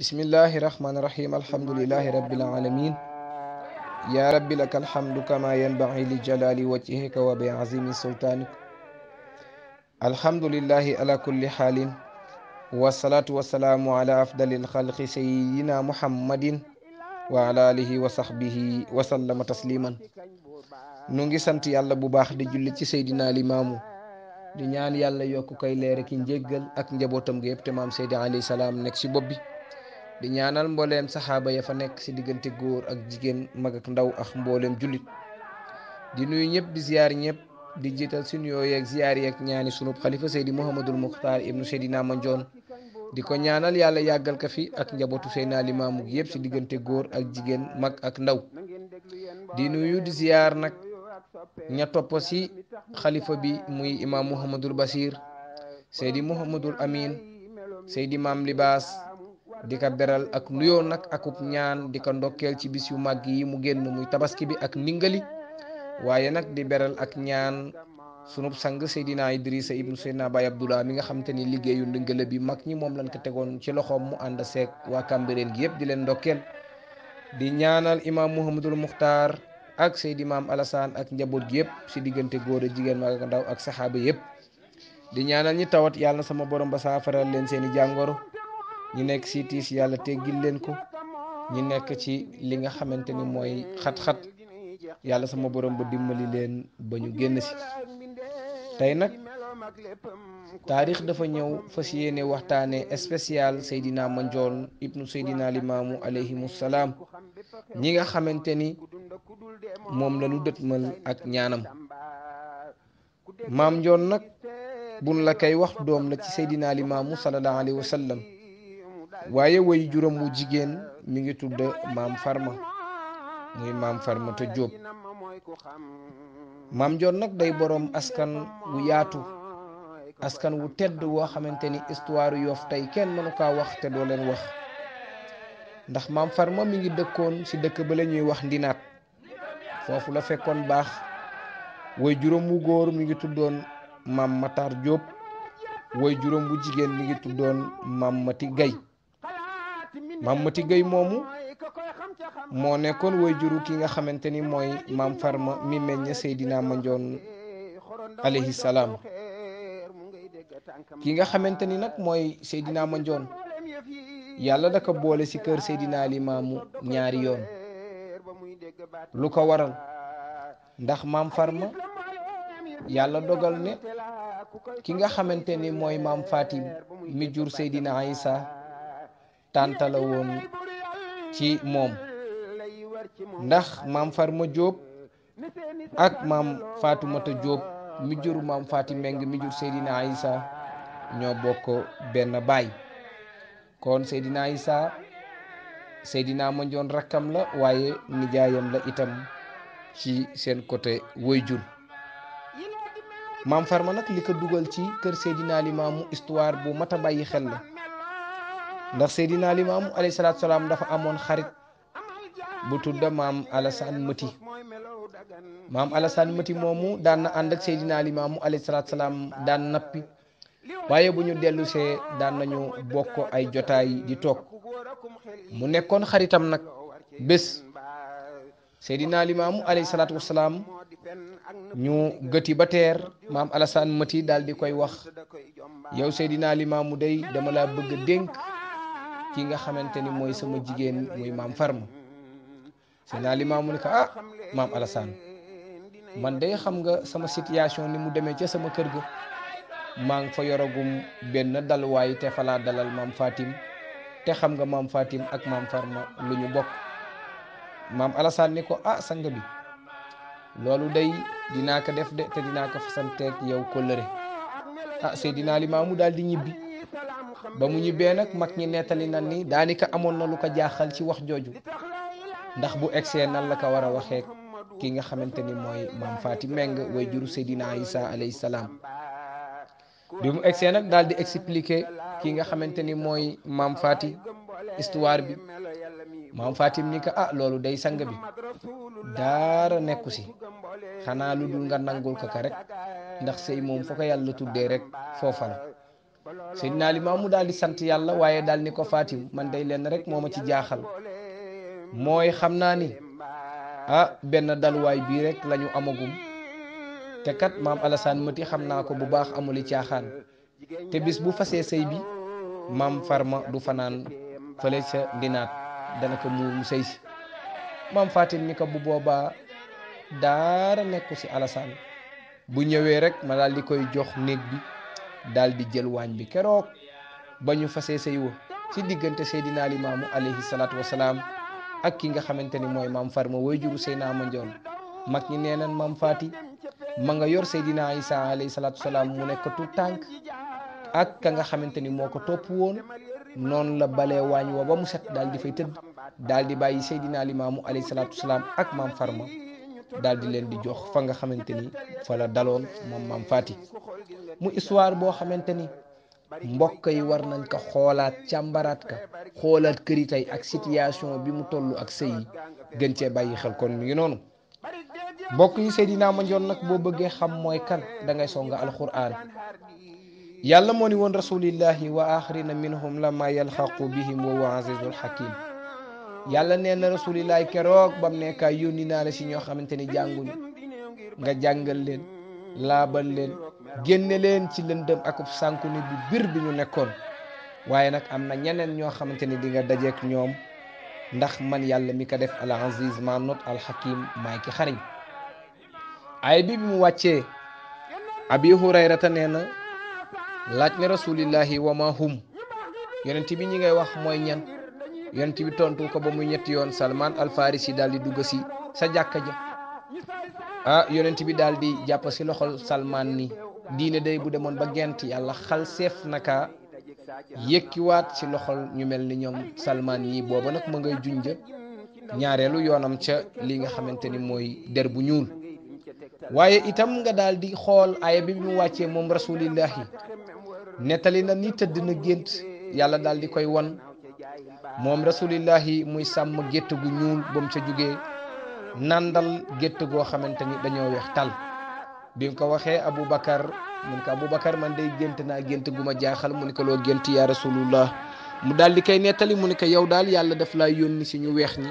bismillahi rahmani rahim alhamdulilahi rabbil alamin ya laka alhamdu kama yanbaghi li jalali wajhika wa bi azimi sultanik alhamdulilahi ala kulli halin wasalaatu wasalaamu ala afdali alxalqi sayidina muhammadin wa ala wa sahbihi wa sallama tasliman nu ngi sant yàlla bu baax di julli ci seydina limaamu di ñaan yàlla yokk koy leer ki ak njabootam gi yëpp maam seydi alayhi salaam nekk si bopp bi di ñaanal mbolem sahaba ya fa nek ci digënté goor ak jigen mag ak ndaw ak mbolem julit di nuyu ñepp di ziar ñepp di jital suñu yoo yeeg ziyaar yeeg ñaani sunub khalifa muhammadul Mukhtar ibnu seydina Namanjon di ko ñaanal yalla yagal ka fi ak sayna limam ak yeb ci digënté goor ak jigen mag ak ndaw di nuyu di ziar nak ña ci khalifa bi muy imam muhammadul basir seydi muhammadul amin seydi maam libas di ka beral ak nuyoo nak akub ñaan di ka ndokkel ci bis yu màgg yi mu génn muy tabaski bi ak ndingali waaye nag di beral ak ñaan sunub sang sayidina Idrissa ibnu Seydina Baye abdullah mi nga xam te ni liggéeyu ndingala bi mag ñi moom lañ ko tegoon ci loxoom mu ànd seeg waa Kàmbereen gi yëpp di leen ndokkeel di ñaanal imam muhammadul Muxtaar ak sayid imam Alassane ak njabot gi yëpp si diggante góor ak jigéen mag ak ndaw ak saxaaba di ñaanal ñi tawat yàlla sama borom ba saafara leen seeni jàngoro ñi nekk si tiis yàlla teggil leen ko ñu nekk ci li nga xamante ni mooy xat-xat yàlla sama borom ba dimbali leen ba ñu génn si tey nag taarix dafa ñëw fas yéene waxtaane spécial Seydina Mandione ibnu Seydina Limaamu alayhimu salaam ñi nga xamante ni moom la ñu dëtmal ak ñaanam maam Njoon nag bun la koy wax doom la ci Seydina Limaamu sallallahu alayhi wa sallam waaye way juróom wu jigéen mi ngi tudd maam Farma muy maam Farma te Jóob maam Joon nag day boroom askan wu yaatu askan wu tedd woo xamante ni histoire Yoff tey kenn mënu kaa wax te doo leen wax ndax maam Farma mi ngi dëkkoon si dëkk ba la ñuy wax ndinaat foofu la fekkoon baax woy juróom wu góor mi ngi tuddoon maam Matar Jóob woy juróom bu jigéen mi ngi tuddoon maam Mati Gay maam Mati Gueye moomu moo nekkoon way juru ki nga xamante ni mooy maam Farma mi meññ Seydina Mandione alayhi salaam ki nga xamante ni nag mooy Seydina Mandione yàlla da ko boole si kër Seydina Limaamu ñaari yoon lu ko waral ndax maam Farma yàlla dogal ne ki nga xamante ni mooy maam Fatim mi jur Seydina Isa tàntala woon ci moom ndax maam Farma Diop ak maam Fatoumata Diop mi jur maam Faati Meng mi jur Seydina Isa ñoo bokk benn baay kon Seydina Isa Seydina joon rakkam la waaye nijaayam la itam ci seen côté woy jur maam ma nag li ko dugal ci kër Seydina Limaamu histoire bu mat a bàyyi xel la ndax Seydina Limaamu alayhi salat salam dafa amon xarit bu tudd mam alasan muti mam alasan muti momu dan na ànd sayidina Seydina Limaamu alayhi salaatu salam dan nappi waye buñu delu se dan nañu bokko ay jotay di tok mu nekkon xaritam bes sayidina Seydina Limaamu alayhi salaatu wasalaam ñu gëti ba ter mam Alassane Mëti dal di koy wax yow Seydina day dama la bëgg denk ki nga xamanteni ni sama jigen moy mam Farma seen naa li maamu ah mam Alassane man day xam nga sama situation ni mu deme ci sama kër ga mang fa yoragum dal way te fala dalal mam Fatim te xam nga mam Fatim ak mam Farma lu ñu mam maam Alassane ni ko ah sanga bi lolou day dina ka def de te dina ko ak yow leure ah Seydina Limaamu dal di ñibbi. ba mu ñibbee nag mag ñi nettali nan nii daanika amoon na lu ko jaaxal ci wax jooju ndax bu egsee nan la ko war a waxee ki nga xamante ni mooy maam Faati Meng way juru Seydina Isa alayhi salaam bi mu egsee nag daal di expliquer ki nga xamante ni mooy maam Faati histoire bi maam Fatim ni ko ah loolu day sang bi daara nekku si xanaa lu dul nga nangul ko ka rek ndax sëy moom foo ko yàlla tuddee rek foofa la Seydina Limaamu daal di sant yàlla waaye daal ni ko Fatim man day lenn rek moo ma ci jaaxal mooy xam naa ni ah benn daluwaay bii rek lañu amagum te kat maam Alassane Mati xam naa ko bu baax amuli caaxaan te bis bu fasee sëy bi maam Farma du fanaan fële sa dinaat dana ko mu sëy si maam Fatim ni ko bu boobaa daara nekku ci Alassane bu ñëwee rek ma daal koy jox néeg bi daal di jël waañ bi keroog ba ñu fasee sëy ci diggante Seydina Limaamu alayhi salaatu wasalaam ak ki nga xamante ni mooy maam Farma way juru Seydina ma njoon mag ñi nee nañ maam Faati ma nga yor Seydina Isa alayhi salaatu wasalaam mu nekkatul tànk ak ka nga xamante ni moo ko topp woon noonu la balee waañ wa ba mu set daal di fay tëdd daal di bàyyi Seydina Limaamu alayhi salaatu wasalaam ak maam Farma daal di leen di jox fa nga xamante ni fa la daloon moom maam Faati mu histoire boo xamante ni mbokk yi war nañ ko xoolaat càmbaraat ka xoolaat këri tey ak situation bi mu toll ak sëy yi gën cee bàyyi xel kon mi ngi noonu mbokk yi ma Mandione nag boo bëggee xam mooy kan da ngay songa alquran yàlla moo ni woon rasulillahi wa axirina minhum lama yalxaqu bihim wa huwa azizul hakim yàlla nee na rasulillahi keroog bam nekkaay yónni naa la si ñoo xamante ni jànguñu nga jàngal leen laabal leen génne leen ci lëndëm akub sànku ni bu bir bi ñu nekkoon waaye nag am na ñeneen ñoo xamante ni di nga dajeek ñoom ndax man yàlla mi ko def al aziz ma not al hakim maay ki xariñ ay bi bi mu wàccee abi hurayrata nee na laaj ne rasulillahi wa hum yonent bi ñi ngay wax mooy ñan yent bi tontu ko ba muy yoon salman Farisi dal di dugg si sa jakka ja ah yonent bi dal di jàpp si loxol salman ni diine day bu demone ba gent yalla xal sef naka yekiwat si loxol ñu melni ni salman yi bobu nak ma ngay junja ñaarelu yoonam ca li nga xamanteni moy der bu ñuul waye itam nga daal di xool aaya bi mu wacce mom rasulillah netali na ni teud na yalla di koy won moom rasulillahi muy sàmm gétt gu ñuul mu ca jugee nandal gétt goo xamante dañoo weex tal bi mu ko waxee Aboubacar mu ne ko Aboubacar man day gént naa gént gu ma jaaxal mu ne ko loo gént yaa rasulullah mu daal di koy nettali mu ne ko yow daal yàlla daf laa yónni si ñu weex ñi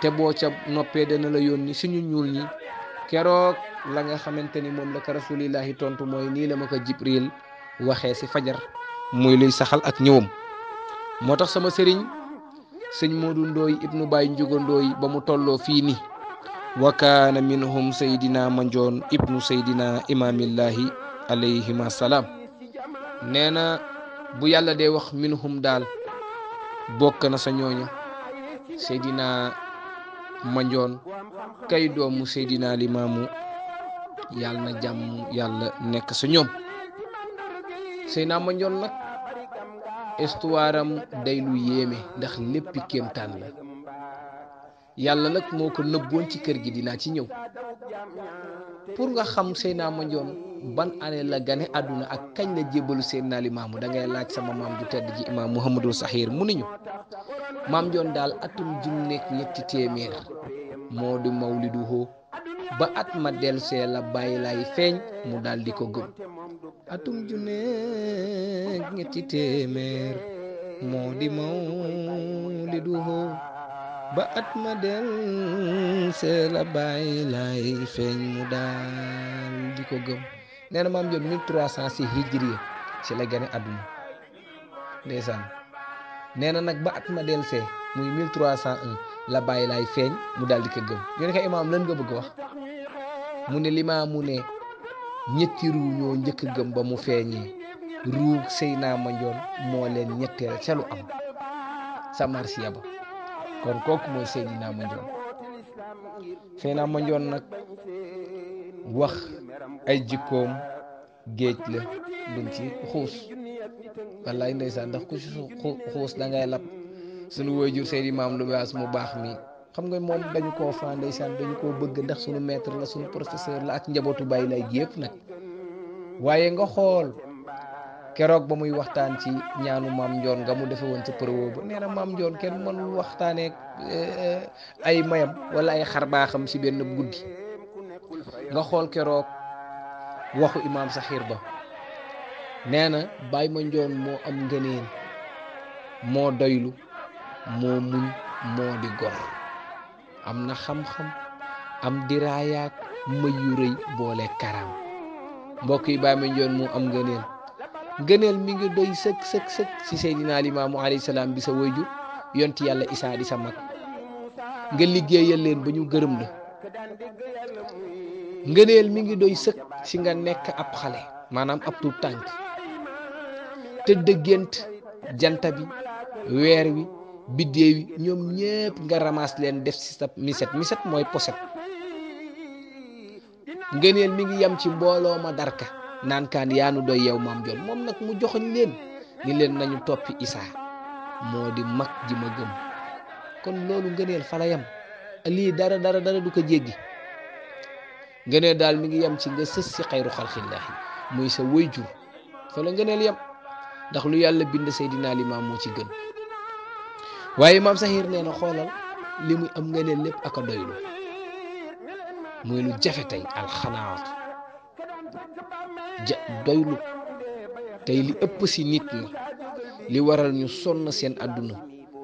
te boo ca noppee dana la yónni si ñu ñuul ñi keroog la nga xamante ni moom la ko rasulillahi tontu mooy nii la ma ko Jibril waxee si fajar muy luy saxal ak ñëwam moo sama sëriñ. sëñ Modou Ndooy ibnu Baye Njugo ba mu tolloo fii ni wa kaana minhum seydina manjoon ibnu seydina imaamillahi alayhima salaam nee na bu yàlla dee wax minhum daal bokk na sa ñooña seydina manjoon kay doomu seydina limaamu yàlla na jàmm yàlla nekk sa ñoom seydina manjoon nag histoire am day lu yéeme ndax léppi kéemtaan la yàlla nag moo ko nëbboon ci kër gi dinaa ci ñëw pour nga xam Seydina Mandione ban ane la gane àdduna ak kañ la jébbalu Seydina Limaamu da laaj sama maam ju tedd ji imaam Muhammadul Saxiir mu niñu maam Njoon daal atum junneeg ñetti téeméer moo di mawliduhu ba at ma delsee la bàyyi lay feeñ mu daal di ko gëm atum junneeg ñetti téeméer moo di mawliduhu ba at ma del see la bàyyi lay feeñ mu daal di ko gëm nee na maam jot mille trois cent si hijri si la gane àdduna ndeysaan nee na nag ba at ma del see muy mille trois cent la bàyyi lay feeñ mu daal di ko gëm ñu ne ko imaam lan nga bëgg wax mu ne limaa mu ne ñetti ruu ñoo njëkk gëm ba mu feeñee ruug sëy naa ma njoon moo leen ñetteel ca lu am sa marsiya ba kon kooku mooy sëy naa ma njoon sëy naa ma nag wax ay jikkoom géej la duñ ci xuus wallaay ndeysaan ndax ku ci xuus da ngay lab sunu waajur Seydi Maam Lu Baas mu baax mi xam nga moom dañu koo faa ndeysaan dañu koo bëgg ndax sunu maître la sunu professeur la ak njabootu bàyyi lay yëpp nag waaye nga xool keroog ba muy waxtaan ci ñaanu maam njoon nga mu defe woon ci përwo ba nee na maam njoon kenn mënul waxtaanee eh, ay mayam wala ay xarbaaxam si benn guddi nga xool keroog waxu imaam saxiir ba nee na bàyyi ma njoon moo am ngëneen moo doylu moo muñ moo di gor am na xam-xam am diraayaak may yu rëy boole karaam mbokk yi bàyyi ma njoon mu am ngëneel ngëneel mi ngi doy sëkk sëkk sëkk si Seydina Limaamu alayhi salaam bi sa wayjur yont yàlla isaa di sa mag nga liggéeyal leen ba ñu gërëm la ngëneel mi ngi doy sëkk si nga nekk ab xale maanaam ab tuut tànk te dëggant janta bi weer wi biddéew wi ñoom ñëpp nga ramas leen def ci sa miset miset mooy poset ngëneel mi ngi yam ci mbooloo ma darka naan kaan yaanu doy yow maam joon moom nag mu joxoñ leen ni leen nañu toppi isa moo di mag ji ma gëm kon loolu ngëneel fa la yam lii dara dara dara du ko jéggi ngëneel daal mi ngi yam ci nga sës si xayru xalqillaahi muy sa wëy jur fa la ngëneel yam ndax lu yàlla bind Seydina Limaam moo ci gën waaye maam saxiir nee na xoolal li muy am nga leen lépp ak a doylu muy lu jafe tey alxanaatu ja doylu tey li ëpp si nit ñi li waral ñu sonn seen àdduna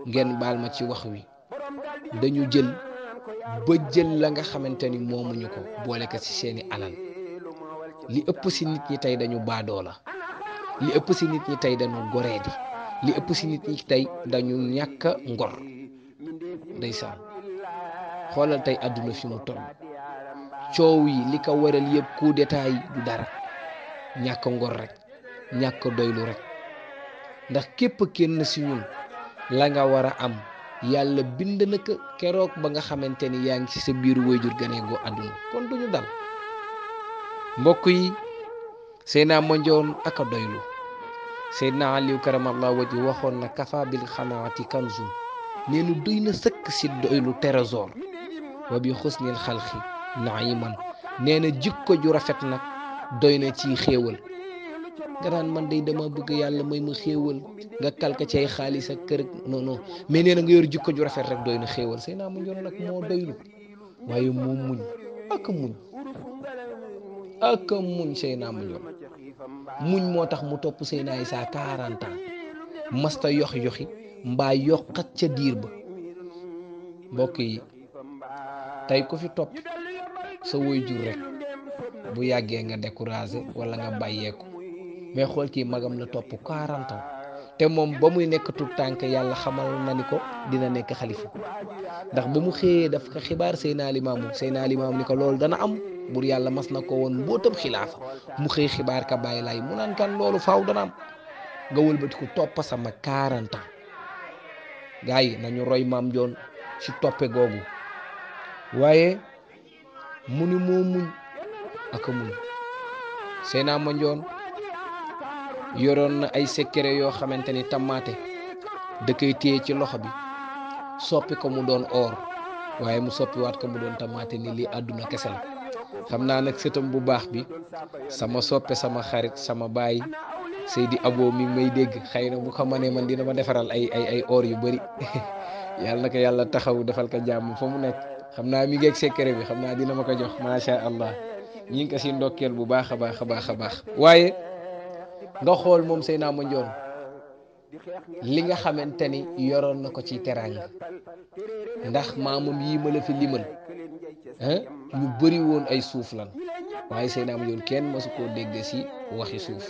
ngeen baal ma ci wax wi dañu jël ba jël la nga xamante ni moomuñu ko boole ko ci seeni alal li ëpp si nit ñi tey dañu baadoo la li ëpp si nit ñi tey dañu goree di li ëpp si nit ñi tey dañu ñàkk ngor ndeysaan xoolal tey àdduna fi mu toll coow yi li ko waral yépp coup d'état du dara ñàkk ngor rek ñàkk doylu rek ndax képp kenn si ñun la nga war a am yàlla bind na ko keroog ba nga xamante ni yaa ngi ci sa biiru wayjur ganeegoo àdduna kon duñu dal mbokk yi seenaa ma njoon ak a doylu سيدنا علي كرم الله وجهه واخون نا كفا بالخناعه كنز نين دين سك سي دويلو تريزور وبيخصني حسن الخلق نعيما نين جيكو جو رافيت دوينا تي خيول غران من دي دما بوغ يالا موي مو خيول غا كالكا تي نو نو مي نين غا يور جيكو جو رك دوينا خيول سيدنا مو نيون نا مو دويلو وايو مو مون اك سيدنا مو نيون muñ moo tax mu topp Seydina Isa 40 ans masta yox yoxi mbaa yoqat ca diir ba mbokk yi tey ko fi topp sa woy jur rek bu yàggee nga découragé walla nga bàyyeeku mais xool kii magam la topp 40 te moom ba muy nekk tànk yàlla xamal na ni ko dina nekk xalifa ndax ba mu xëyee daf ko xibaar Seydina Limaamu Seydina Limaamu ni ko loolu dana am buur yàlla mas na ko woon mbootam xilaafa mu xëy xibaar ka bàyyi laay mu naan kan loolu faaw dana am nga wëlbati toppa sama kaaranta ans gars yi nañu roy maam joon ci toppe googu waaye mu ni moo muñ ak a muñ Seynaa Mandione yoroon na ay secret yoo xamante ni tamaate da koy ci loxo bi soppi ko mu doon or waaye mu soppiwaat ko mu doon tamaate ni li àdduna kese la xam naa nag sëtam bu baax bi sama soppe sama xarit sama baay Seydi Abo mi may dégg xëy na bu ko ne man dina ma defaral ay ay ay yu bari yàlla na ko yàlla taxaw defal ko jàmm fa mu nekk xam naa mi ngi ak secret bi xam naa dina ma ko jox macha allah ñi ngi ko si ndokkeel bu baax a baax a baax a baax waaye nga xool moom Seyna Mandione li nga xamante ni yoroon na ko ci teraanga ndax maamam yii ma la fi limal. ñu bari woon ay suuf lan waaye Seydina yoon kenn masu koo dégg si waxi suuf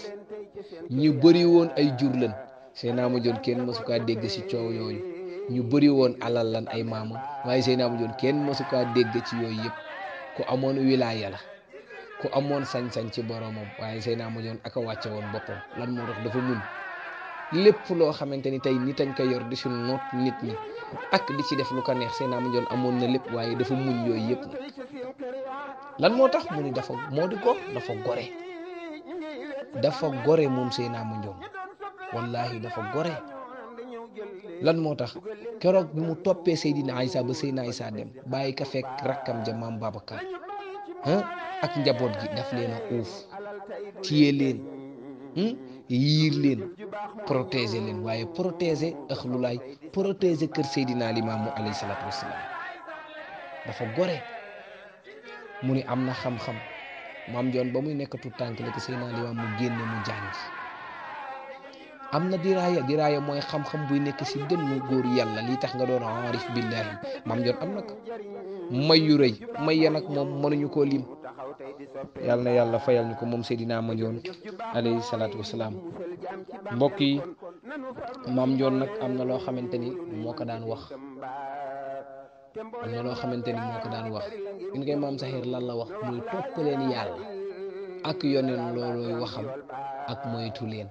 ñu bari woon ay jur lan Seydina yoon kenn masu kaa dégg si coow yooyu ñu bari woon alal lan ay maama waaye Seydina yoon kenn masu kaa dégg ci yooyu yëpp ku amoon wilaaya la ku amoon sañ-sañ ci boromam waaye Seydina Mandione aka wàcce woon boppam lan moo tax dafa mun lépp loo xamante ni tey nit añ ko yor di si noot nit ñi ak di si def lu ko neex seen am njoon amoon na lépp waaye dafa muñ yooyu yëpp lan moo tax mu ni dafa moo di ko dafa gore dafa gore moom seen am njoon wallaahi dafa gore lan moo tax keroog bi mu toppee Seydina Isa ba Seydina Isa dem bàyyi ka fekk rakkam ja maam ak njaboot gi daf leen uuf téye leen. Hmm? yiir leen protéger leen waaye protéger axlu laay protéger kër Seydina Limaamu alayhi salaatu wasalaam dafa gore mu ni am na xam-xam maam joon ba muy nekkatu tànk la ko Seydina Limaam génne mu jàng am na diraaya diraaya mooy xam-xam buy nekk si dënnu góor yàlla lii tax nga doon arif billahi maam joon am na ko rëy may nag moom mënuñu koo lim yàlla na yàlla fayal ñu ko moom Seydina Mame Ndione alayhi salaatu wasalaam mbokk yi Mame Ndione nag am na loo xamante ni moo ko daan wax am na loo xamante ni moo daan wax ñun koy maam la wax muy topp leen yàlla ak yoneen loolooy waxam ak moytu leen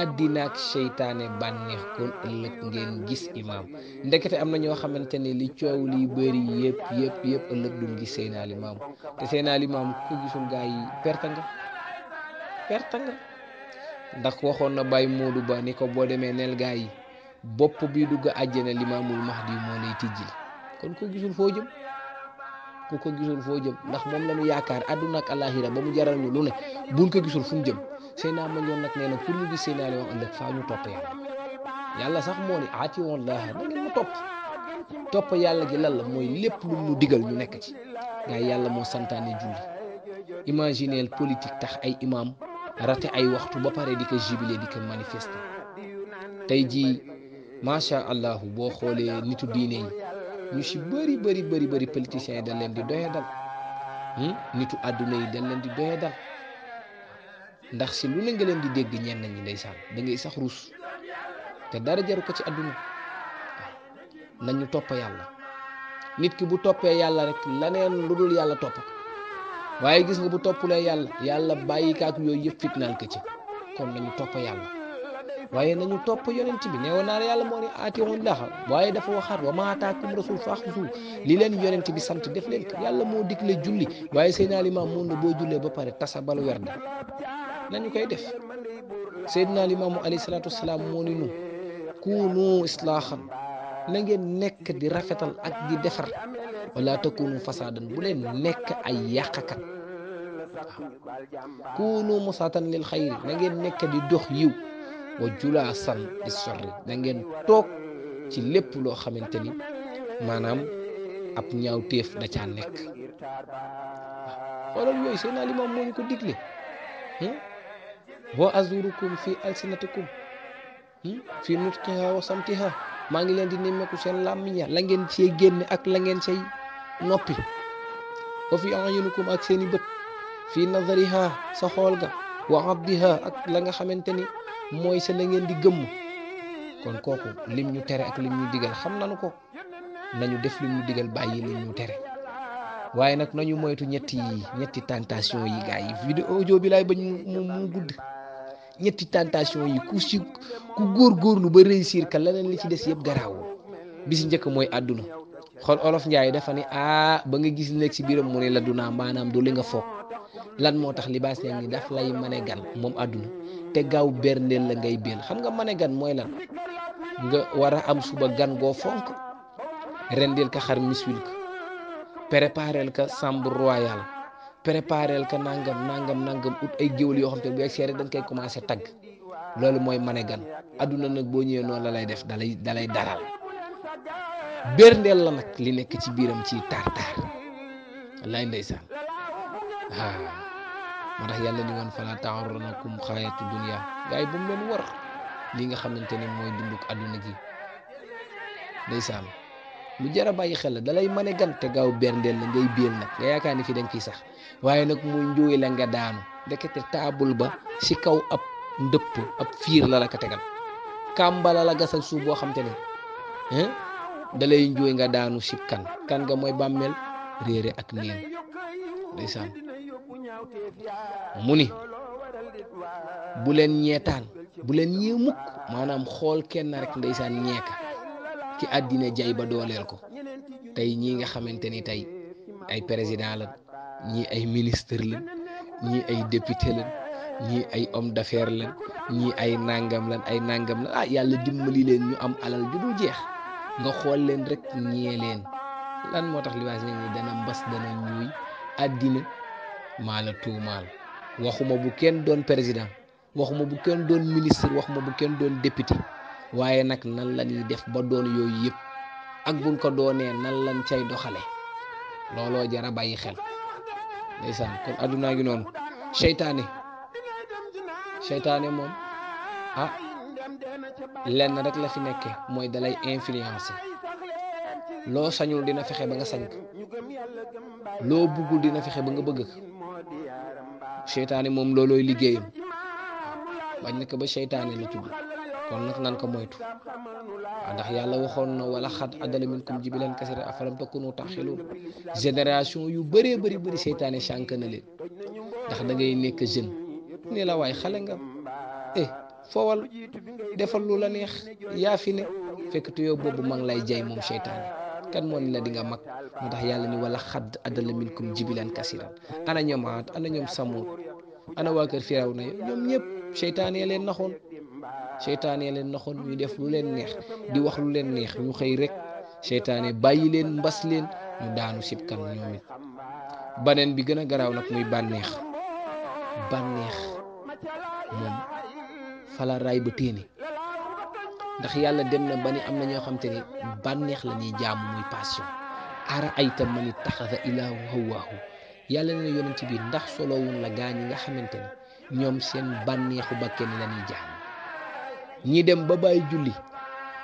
àddina ak seytaane bànneex kon ëllëg ngeen gis imaam ndekete am na ñoo xamante ne li coow liy bëri yëpp yëpp yëpp ëllëg duñ gis seen alimaam te seen alimaam ku gisul gaa yi perte nga perte nga ndax waxoon na Baye Modou Ba ni ko boo demee neel gaa yi bopp bi dugg àjjana limaamul mahdi moo lay tijjil kon ku gisul foo jëm ku ko gisul foo jëm ndax moom la ñu yaakaar àdduna ak àllaaxira ba mu jaral ñu lu ne buñ ko gisul fu jëm Seydina Mandione nag nee na pour ñu gis Seydina Aliou wax ëllëg faa ñu topp yàlla yàlla sax moo ne aati woon laa na ngeen topp topp yàlla gi lan la mooy lépp lu mu digal ñu nekk ci gaay yàlla moo santaane julli imagineel politique tax ay imam rate ay waxtu ba pare di ko jubilé di ko manifester tey jii macha allah boo xoolee nitu diine yi ñu si bëri bëri bëri bëri yi dañ leen di doyee dal hmm? nitu àdduna yi dañ leen di doyee dal ndax si lu nga leen di dégg ñen ñi ndeysaan da ngay sax rus te dara jaru ko ci aduna nañu topp yàlla nit ki bu toppee yàlla rek laneen lu dul yàlla topp ko waaye gis nga bu toppulee yàlla yàlla bàyyi kaak yooyu yëpp fitnaal ko ci kon nañu topp yàlla waaye nañu topp yonent bi neewoon naa yàlla moo ne aati woon ndaxa waaye dafa waxaat wa maataakum rasul faaxusu li leen yonent bi sant def leen ko yàlla moo digle julli waaye seen alimaam mun na boo jullee ba pare tasabalu werda nañu koy def sayyidina limamu alayhi salatu wasalaam moo ni nu kunu islahan na ngeen nek di rafetal ak di defar wala takunu fasadan bu len nek ay yàqakat kunu musatan lil khair, na ngeen nek di dox yiw wa julasan di sorri na ngeen tok ci lepp lo xamanteni manam maanaam ab ñaaw da ca nek xolal yoy moñ ko diglé hmm? wa azurukum fi alsinatikum hmm? fi nutqiha wa samtiha maa ngi leen di nemmeeku seen làmmiñ ya la ngeen see génne ak la ngeen say noppi wa fi ayunukum ak seeni bët fi nazariha sa xool ga wa abdiha ak la nga xamante ni mooy sa la ngeen di gëmm kon kooku lim ñu tere ak lim ñu digal xam nañu ko nañu def lim ñu digal bàyyi lim ñu tere waaye nag nañu moytu ñetti ñetti tentation yi gars yi vidéo audio bañ mu gudd ñetti tantation yi ku si ku góorgóorlu ba réussir ka leneen li ci des yëpp garaawul bi si njëkk mooy àdduna xool olof njaay dafa ne ah ba nga gis nekk si biiram mu ne la du naa maanaam du li nga foog lan moo tax libaas yaa ngi daf lay mane gan moom àdduna te gaaw berndeel la ngay benn xam nga mane gan mooy lan nga war a am suba gan goo fonk rendeel ka xar miswil ka prépareel ka chambre royale préparel ka nangam nangam nangam ut ay géwal yoo xam te bu egsee rek dañ koy commencé tagg loolu mooy mane gan adduna nag boo ñëwee noonu la lay def dalay dalay daral berndeel la nag li nekk ci biiram ci taar-taar lay ndeysaan ah moo tax yàlla ni woon fala taxurranakum xaayatu dunia gars yi bu mu leen war li nga xamante ni mooy dunduk adduna gi ndeysaan lu jar a bàyyi xel la dalay mën a gan te gaaw berndeel la ngay biel nag nga yaakaar ni fi dañ ciy sax waaye nag muy njuuy la nga daanu ndekete taabul ba si kaw ab ndëpp ab fiir la la ko kàmbala la gasal suuf boo xam te ne dalay njuuy nga daanu si kan kan nga mooy bàmmeel réere ak neen ndeysaan mu ni bu leen ñeetaan bu ñee mukk maanaam xool kenn rek ndeysaan ñeeka ci àddina jay ba dooleel ko tey ñii nga xamante ni tey ay président la ñii ay ministre la ñii ay député la ñii ay homme d'affaires la ñii ay nangam lan ay nangam la ah yàlla dimbali leen ñu am alal ju mu jeex nga xool leen rek ñee leen lan moo tax libaas ne ni dana mbas dana ñuy àddina maa la tuumaal waxuma bu kenn doon président waxuma bu kenn doon ministre waxuma bu kenn doon député waaye nag nan la ñuy def ba doon yooyu yëpp ak buñ ko doonee nan lañ cay doxale looloo jara bàyyi xel ndeysaan kon noonu seytaane seytaane moom ah, lenn rek la fi nekke mooy dalay influencer loo sañul dina fexe ba nga sañ ko loo buggul dina fexe ba nga bëgg seytaane moom loolooy liggéeyam bañ na ko ba seytaane la tudd kon nag nan ko moytu waaw ndax yàlla waxoon na wala xat adala minkum jibilan kasira afalam takunu taxiluun génération yu bëree bëri bëri seytaane sànk na leen ndax nekk jeune ne la waay xale nga eh defal lu la neex yaa fi ne fekk tuyoo boobu ma ngi lay jay moom seytaane kan moo ni la di nga mag moo tax yàlla ni wala xadd adala minkum jibilan kasiran ana ñoom aat ana ñoom samuut ana waa kër firaw na ñoom ñëpp seytaane leen naxoon seytaane leen naxoon ñuy def lu leen neex di wax lu leen neex ñu xëy rek seytaane bàyyi leen mbas leen ñu daanu sibkan ñoom it baneen bi gën a garaaw nag bànneex bànneex moom fala raay yàlla dem na ba am na ñoo xam bànneex la ñuy jaamu muy passion ara ayta man ittaxada ilaahu hawaahu yàlla ne ndax solowun la gaa ñi nga xamante ni ñoom seen bànneexu bakken la ñuy jaam ñi dem ba bàyyi julli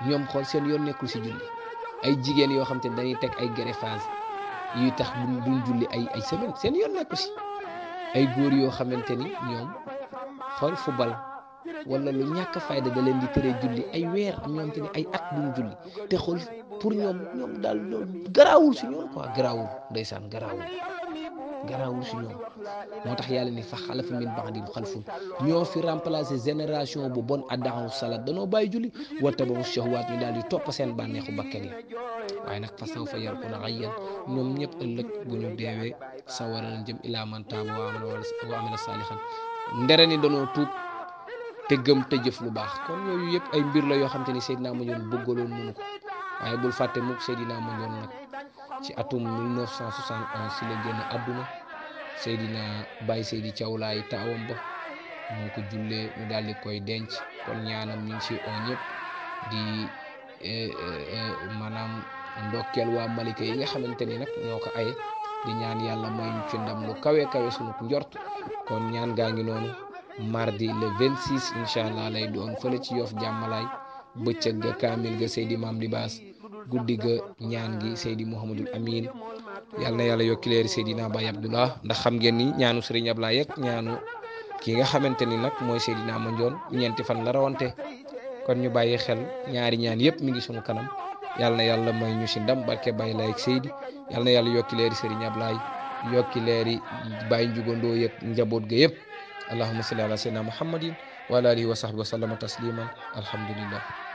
ñoom xool seen yoon nekkul si julli ay jigéen yoo xam te ne dañuy teg ay greffage yuy tax duñ duñ julli ay ay semaine seen yoon nekkul si ay góor yoo xamante ni ñoom xool football wala lu ñàkk fayda da leen di tëre julli ay weer am ñoom te ne ay at duñ julli te xool pour ñoom daal loolu garaawul si ñoom quoi garaawul ndeysaan garaawul garaawul si ñoom moo tax yàlla ni fa xalafa min ba'dihim xalfun ñoo fi remplacer génération bu bon adaawu salat danoo bàyyi julli wa tabaxu shahwaat ñu daal di topp seen bànneexu bakkan yi waaye nag fa sawfa a xayyan ñoom ñëpp ëllëg bu ñu deewee sawara nañ jëm ilaa man taaba wa amila saalihan ndere ni danoo tuub te gëm te jëf lu baax kon yooyu yëpp ay mbir la yoo xam te ni Seydina Mandione bëggaloon mënu ko waaye bul fàtte mukk Seydina Mandione nag ci atum 1961 si la génn àdduna Seydina Baye Seydi Thiawlaay taawam ba moo ko jullee ñu daal koy denc kon ñaanam ñu ngi si oo ñëpp di eh, eh, eh, maanaam ndokkeel waa Malika yi nga xamante ni nag ñoo ko aye di ñaan yàlla mooy ñu ci ndam lu kawe kawe suñu njort kon ñaan gaa ngi noonu mardi le 26 incha allah lay doon fële ci Yoff jàmmalaay bëccëg ga kaamil ga di Maam Libaas guddiga ñaan gi Seydi Mouhamadul Amin yalla yalla yo clair seydi na Baye Abdullah ndax xam ngeen ni ñaanu Serigne abla yek ñaanu ki nga nak moy seydi na Seydina ndion ñenti fan la rawante kon ñu baye xel ñaari ñaan yep mi ngi sunu kanam yalla yalla may ñu ci ndam barke Baye lay ak Seydi yalla yalla yo clair leeri Serigne yo yokki leeri Baye Njugandoo yek njabot ga yep allahumma salli ala sayyidina muhammadin wa ala alihi wa sahbihi wa tasliman alhamdulillah